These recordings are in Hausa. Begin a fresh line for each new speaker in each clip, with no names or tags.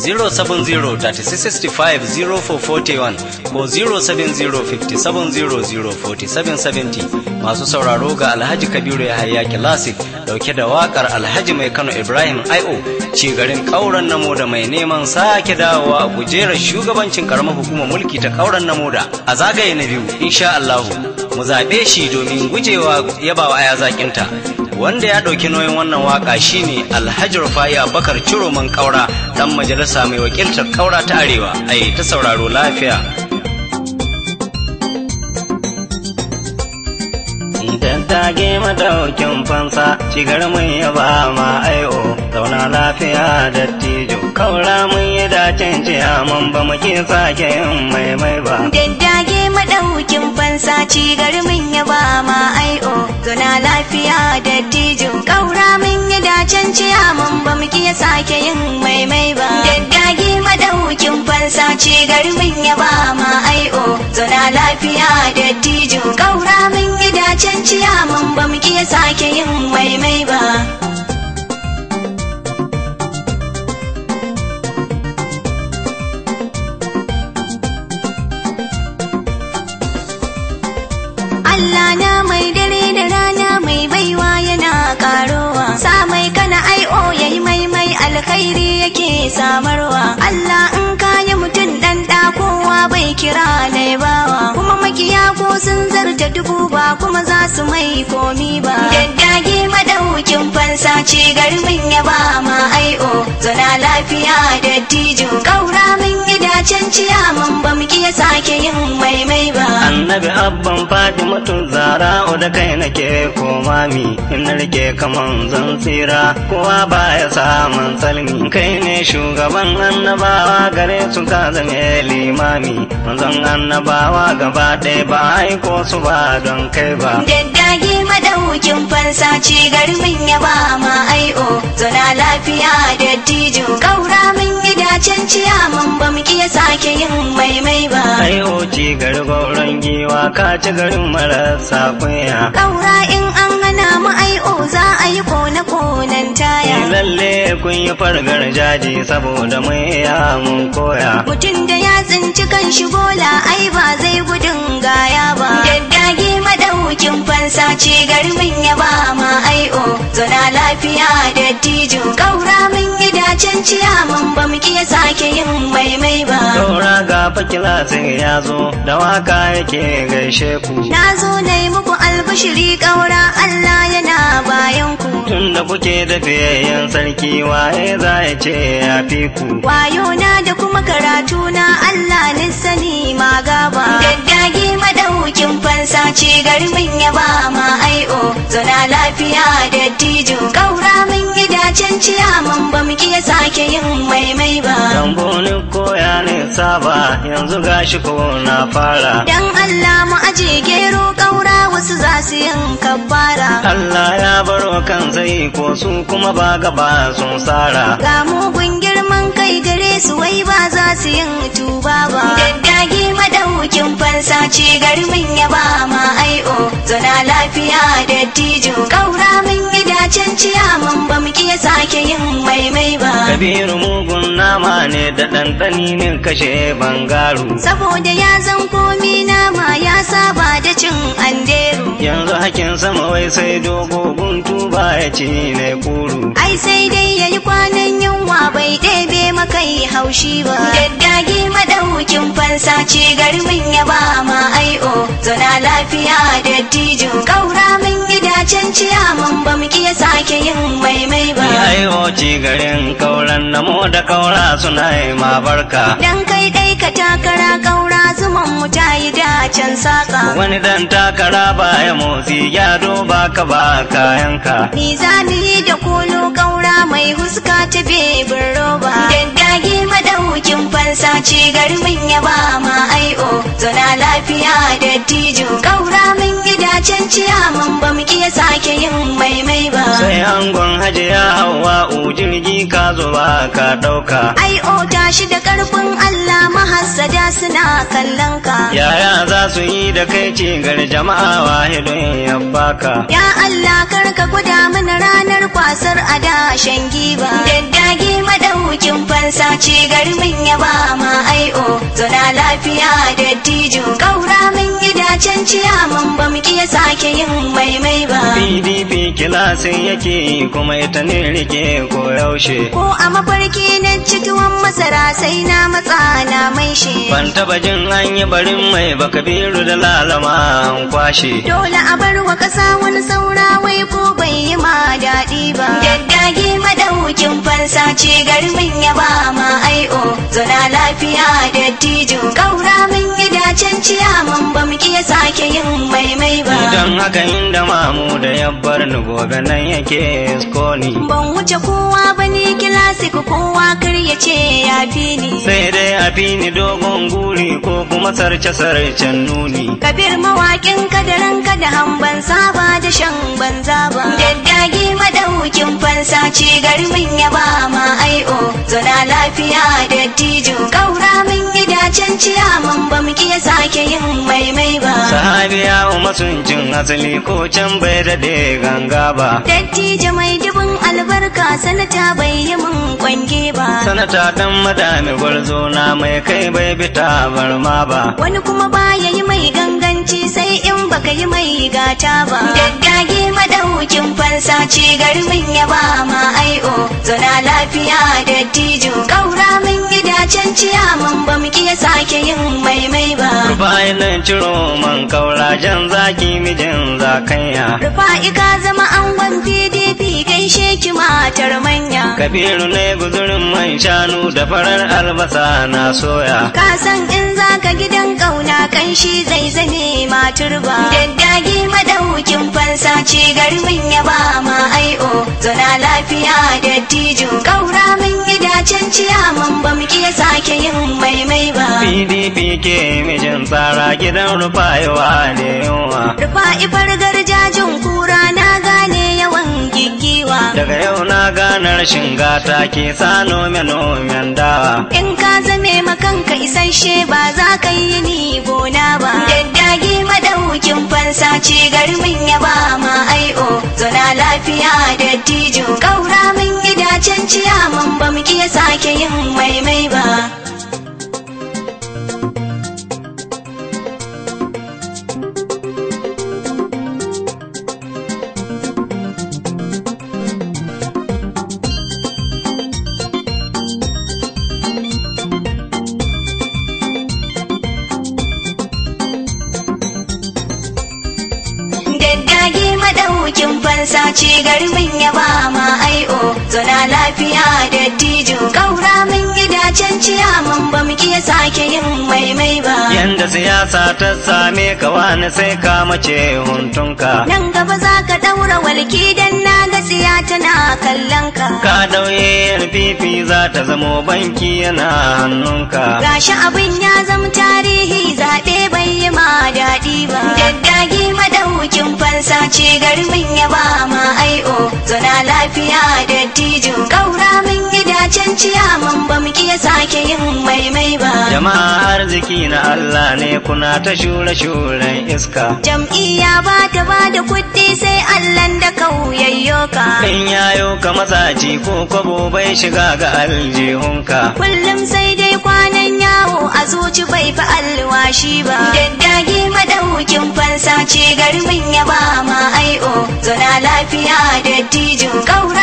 070 ko 070 masu sauraro ga Alhaji Kabiru Yahaya Classic dauke da wakar Alhaji Mai Kano Ibrahim I.O. ce garin kauran namo mai neman sake dawowa a kujerar shugabancin karamar hukumar mulki ta kauran namo a zagaye na biyu insha Allahu mu zabe shi domin gujewa yabawa aya zakinta wanda ya ɗauki nauyin wannan waka shine alhaji rufai abubakar ciroman kaura dan majalisa mai wakiltar kaura ta arewa ai ta sauraro lafiya Tattage madaukin fansa, shigar mun yaba ma aio, zauna lafiya dattijo, kaura mun yi dacin mun ba mu ke sake yin maimai ba.
Tattage madaukin fansa, shigar mun yaba ma aio, zauna lafiya san ciyaman ba mu sake yin maimai ba daddagi madaukin fansa ce garmin ya ba ma o. zauna lafiya da tijo gaura mun yi dacen mun ba mu sake yin maimai ba kira da yabawa kuma makiya ko sun zarta dubu ba kuma za su mai komi ba daddage mada daukin fansa ce garmin ya ba ma ai'o zona lafiya da tijin kaura min gidacen ciyaman ba mu ya sake yin maimai ba
annabi abban fadi mutum zara o da kai nake koma mi in rike kaman zan tsira kowa baya samun salmi kai ne shugaban annabawa gare su ka zame limami zan annabawa gaba ɗaya ba aiko su ba don kai ba
daddagi madaukin fansa ce gari yar ya ba ma ai'o zona lafiya da tijo kaura min yi dacen mun ba mu iya sake yin maimaiba. ba
ai'o ci gargauran giwa ka ci garin marasa kunya
kaura in za a yi kone-konen taya.
Lalle kun yi fargar jaji saboda mun iya mun koya.
Mutum da ya tsinci kan shi bola ai ba zai gudun gaya ba. Daddagi madaukin fansa ce garmin ya ba ma ai'o. Zona lafiya da tijo. Kaura mun yi dacen ciya mun ba mu sake yin maimai ba.
ga fa kilasin ya zo da waka yake gaishe ku
na zo na yi muku albishiri ƙaura Allah yana bayan ku
tun da kuke da fiyayyen sarki waye za ya ce ya fi ku
wayo na da kuma karatu na Allah ni sani ma gaba daddagi madaukin fansa ce garmin ya ba ma aio zona lafiya da tijo ƙaura min gidacen ciya mun ba mu sake yin maimai
ba saba yanzu gashi ko na fara. Dan
Allah mu aje gero kaura wasu za su yin kabbara.
Allah ya baro kan sai ko su kuma ba gaba sun sara. Ga
mugun girman kai gare su wai ba za su yin tuba ba. Daddagi madaukin fansa ce garmin ya ba ma o Zana lafiya da tijo ƙaura mun yi dacen ciya mun ba mu sake yin maimai ba.
Kabiru mu nama ne da ɗanɗani min kashe bangaru.
Saboda ya zan komi nama ya saba da cin anderu.
Yanzu hakin sama wai sai dogo guntu ba ya ci ne kuru.
Ai sai dai ya yi kwanan yunwa bai ɗebe makai haushi ba. Daddagi madaukin fansa ce garmin ya ba ma ai'o. Zona lafiya da tijo. Kaura min gidajen ciyaman ba mu sake yin maimai ba.
biyoci garin kauran namo da kaura suna yi ma barka.
Dan kai dai ka takara kaura zuman mu ta yi da can saka.
Wani dan takara baya motsi ya duba ka ba kayanka.
Ni za mu yi da kolo kaura mai huska ta bebin roba. Daddage madaukin fansa ci garmin ya ba ma aio. Zona lafiya da tijo. Kaura mun yi dacen ciya mun ba mu sake yin maimai
baka ka ɗauka.
Ai o tashi da karfin Allah mahassada suna kallon ka.
Yaya za su yi da kai ce gar jama'a wahidun ya
Ya Allah karka guda mana ranar kwasar adashen giba. Daddage madaukin fansa ce garmin ya ba ma ai o. Zona lafiya da dijo. Ƙaura min idacen ciyaman ba ya sake yin maimai.
na sai yake kuma ita ne rike ko yaushe ko
a mafarki na tuwon masara sai na matsa na mai shi
ban taba jin an yi barin mai ba kabiru da lalama an kwashe
dole a bar wa kasa wani saura wai ko bai yi ma daɗi ba daddage madaukin fansa ce garmin ya ba ma aio zona lafiya da tijo kaura min yi dacen ciyaman ba mu sake yin maimai ba don haka
inda mamu da ya bar ni gobe nan yake skoni
ban wuce kowa ba ni kilasik kowa karya ce ya fi ni
sai dai a fi ni dogon guri ko kuma sarce sarcen nuni
kabir mawakin kadaran kada hamban saba da shan banza ba daddagi madaukin fansa ce garmin ya ba ma o zona lafiya da tijo kaura min gidacen ciyaman ba mu sake yin maimai ba
mutuncin asali ko can bai daɗe ganga ba.
Dattijo mai dubin albarka sanata bai yi mun kwange ba.
Sanata dan madani gwarzo na mai kai bai bi tabarma ba.
Wani kuma ba ya yi mai ganganci sai in baka yi mai gata ba. Gaggage madaukin fansa ce garmin ya ba ma ai'o. Zona lafiya dattijo. Kaura mai can ciyaman ba mu sake yin maimai ba
rufa'i nan ciro man jan zaki mijin ya
rufa'i ka zama angon pdp gaishe ki matar manya
kabiru ne guzurin man shanu da farar albasa na soya
ka san in zaka gidan kauna shi zai zame maturba daddagi madaukin fansa ce garmin ya ba ma aio zona lafiya da tijo kaura min gidacen ciyaman ba muke sake yin maimai ba
pdp ke mijin tsara gidan rufa'iwa da yawa
rufa ifar garjajin kura daga
yau na ganar shinga ta ke sa nome nomen dawa
in ka zame makanka isasshe ba za ka yi ni gona ba daddagi madaukin fansa ce garmin ya ba ma aio zona lafiya da tijo kaura min gidajen ciyaman ba mu sake yin maimai ba mai ba yanda
siyasa ta same ka wani sai ka mace huntunka
nan gaba za ka daura walki dan na ga siya tana kallon ka
ka dauye fifi za ta zamo banki yana hannunka
gashi abin ya zama tarihi zaɓe bai yi ma daɗi ba daddagi madaukin fansa ce garmin ya ba ma aio zona lafiya ki ya sake yin mai ba jama'a
arziki na Allah ne kuna ta shura shuren iska
jam'iyya ba ta ba da kuɗi sai Allah da kauyayyo ka in
yayo ka masaci ko kwabo bai shiga ga aljihunka
kullum sai dai kwanan yawo a zuci bai fi alwashi ba daddagi madaukin fansa ce garmin ya ba ma ai'o zana lafiya da tijin kaura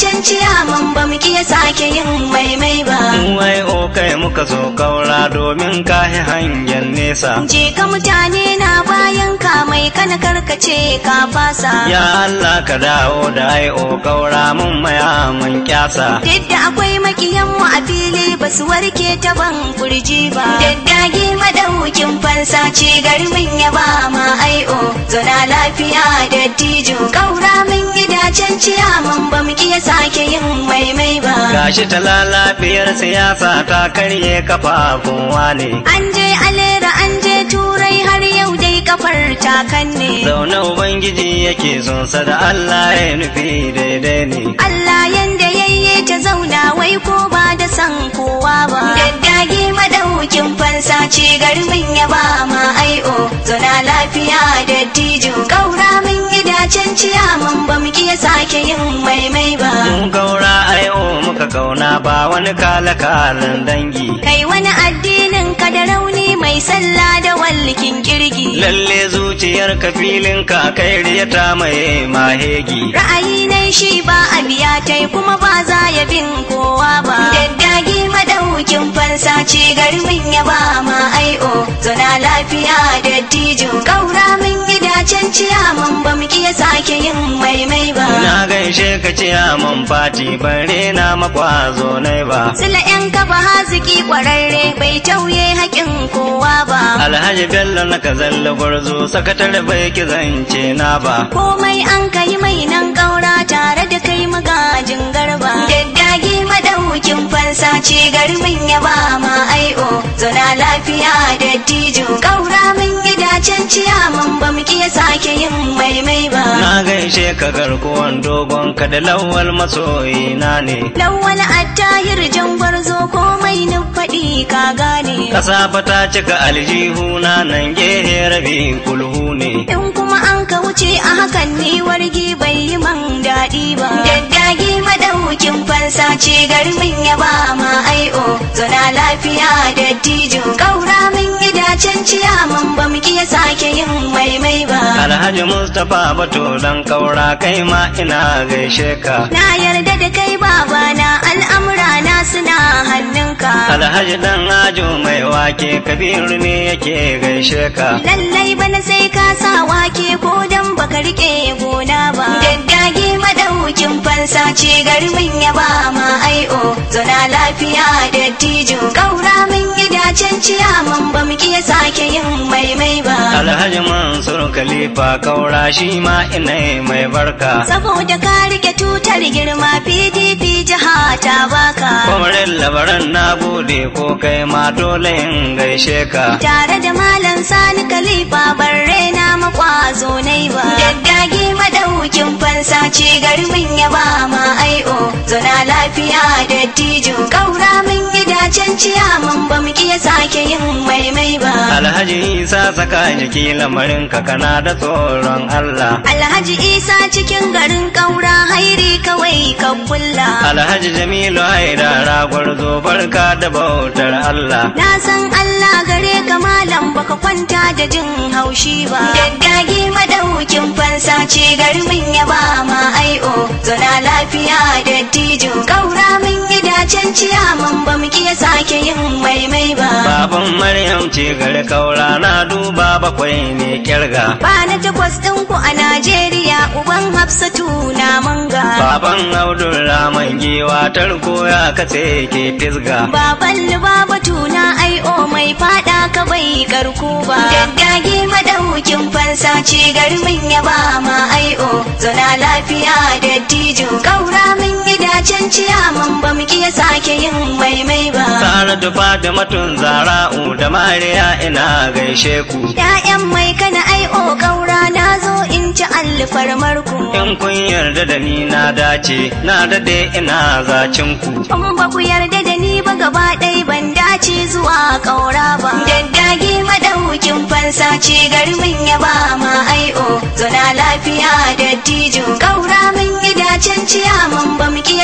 zancen man ba mu ke sake yin maimai ba.
Wai o kai muka zo kaura domin ka yi hangen nesa.
Je ka mutane na bayan ka mai kana karkace ka fasa. Ya
Allah ka dawo da ai o kaura mun maya mun kyasa.
Duk da akwai makiyan mu a fili ba su warke ta ban kurji ba. Daddagi madaukin fansa ce garmin ya ba ma ai o. na lafiya da ciyaman ba mu iya sake yin maimai ba gashi
ta lalafiyar siyasa ta karye kafa kowa ne
an je alera an je turai har yau dai kafar takan ne
zaune ubangiji yake son sa da Allah ya nufi daidai ne
Allah yanda yayye ta zauna wai ko ba da san kowa ba daddage madaukin fansa ce garmin ya ba ma sake yin maimai ba. Mun
gaura ayo muka gauna ba wani kala-kalan dangi.
Kai wani addinin ka da rauni mai sallah da wallikin kirgi.
Lalle zuciyar ka filin ka kai riyata mai mahegi.
Ra'ayi na shi ba a biya tai kuma ba za ya bin kowa ba. Daddagi madaukin fansa ce garmin ya ba ma aio. Zona lafiya da Gaura min zancen ciyaman ba mu sake yin maimai ba. Na
gaishe ka ciyaman fati bare na makwazo na ba. Sila
yan kafa haziki kwararre bai tauye haƙin kowa ba.
Alhaji Bello na ka zalla gwarzo sakatare bai ki zance na ba.
Komai an kai mai nan ƙaura, tare da kai magajin garba. Daddagi madaukin fansa ce garmin ya ba ciyaman ba ya sake yin maimai ba na
gaishe ka garkuwan dogon ka da lawal masoyina ne
lawal attahir jangwar zo komai na faɗi ka gane
kasa fata ta cika aljihu na nan gehe rabi kulhu ne
in kuma an ka wuce a hakan ni wargi bai yi man daɗi ba daddagi madaukin fansa ce garmin ya ba ki ya sake yin maimai ba.
Alhaji Mustapha Bato dan kaura kai ma ina gaishe ka.
Na yarda da kai babana al'amura na suna hannunka.
Alhaji dan ajo mai wake kabiru ne yake gaishe ka.
Lallai bana sai ka sa wake ko dan baka rike gona ba. Daddage madaukin fansa ce garmin ya ba ma ai'o. na lafiya da tijo kaura mai itacen ciyaman ba mu iya sake yin maimai ba. Alhaji
Mansur Khalifa kaura shi ma ina mai barka.
Saboda ka rike tutar girma PDP jiha ta baka. Kwamarin
labaran na buɗe ko kai ma dole in gaishe ka.
Tare da Malam Sani Khalifa barre na makwazo nai ba. Daddagi madaukin fansa ce garmin ya ba ma aio. Zona lafiya da kaura can ciyaman ba mu iya sake yin maimai ba.
Alhaji Isa saka jiki lamarin ka kana da tsoron Allah.
Alhaji Isa cikin garin ƙaura hairi kawai ka kulla. Alhaji
Jamilu haida ragwar zo barka da bautar Allah.
Na san Allah gare ka malam baka kwanta da jin haushi ba. Daddagi madaukin fansa ce garmin ya ba ma ai'o. zana lafiya da can man ba mu ke sake yin maimai ba. Baban
Maryam ce gari kaura na duba bakwai ne kirga.
Ba na takwas ɗin ku a Najeriya uban Hafsatu na manga.
Baban audun raman giwa tarko ya kace ke fisga.
Baban Lubabatu na o mai fada ka bai garku ba. gaggage madaukin fansa ce garmin ya ba ma aio. Zona lafiya man ba mu iya sake yin maimai ba Sara
dufa da matun zara'u da mariya ina gaishe ku
Ya'yan mai kana ai o kaura na zo in ci alfarmar ku
In kun yarda da ni na dace na dade ina zacin ku
Kun ba ku yarda da ni ba gaba ɗaya ban dace zuwa kaura ba Daddagi madaukin fansa ce garmin ya ba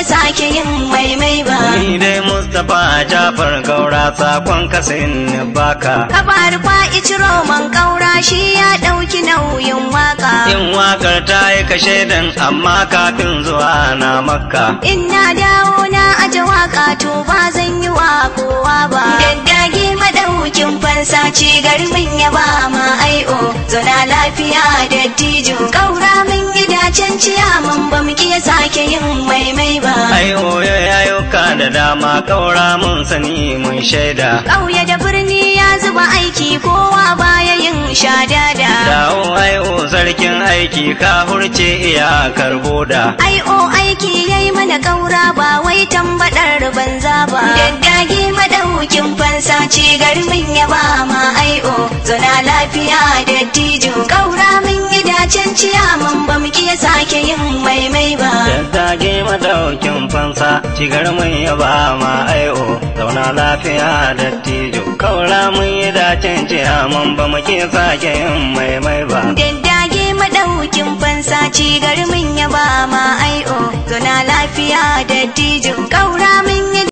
sake yin maimai ba. Ni
dai Mustapha Jafar Gaura sakon kasin baka.
Kabar kwa iciro man Gaura shi ya ɗauki nauyin waka. Yin
wakar ta yi kashe dan amma kafin zuwa na makka.
Ina dawo na aje waka to ba zan yi wa kowa ba. Daddagi madaukin fansa ci garmin ya ba ma ai'o. Zona lafiya da tijo. Gaura mun yi dacen ciyaman ba mu sake yin maimai ba.
koyo ayyuka da dama kaura mun sani mun shaida.
Ƙauye da birni ya zuba aiki kowa baya yin shada da. Dawo
o sarkin aiki ka hurce iyakar boda.
Ai'o aiki ya yi mana kaura ba wai tambaɗar banza ba. Daddagi madaukin fansa ce garmin ya ba ma ai'o. Zana lafiya da tijo kaura min yi dacen ciyaman ba ya sake yin maimai ba.
Daddagi madaukin cigar mun yaba ma aio zauna lafiya da tijo kaura mun yi dacin ciya mun ba mu ke sake yin maimai ba
daddage madaukin fansa cigar mun yaba ma aio zauna lafiya da tijo kaura mun yi.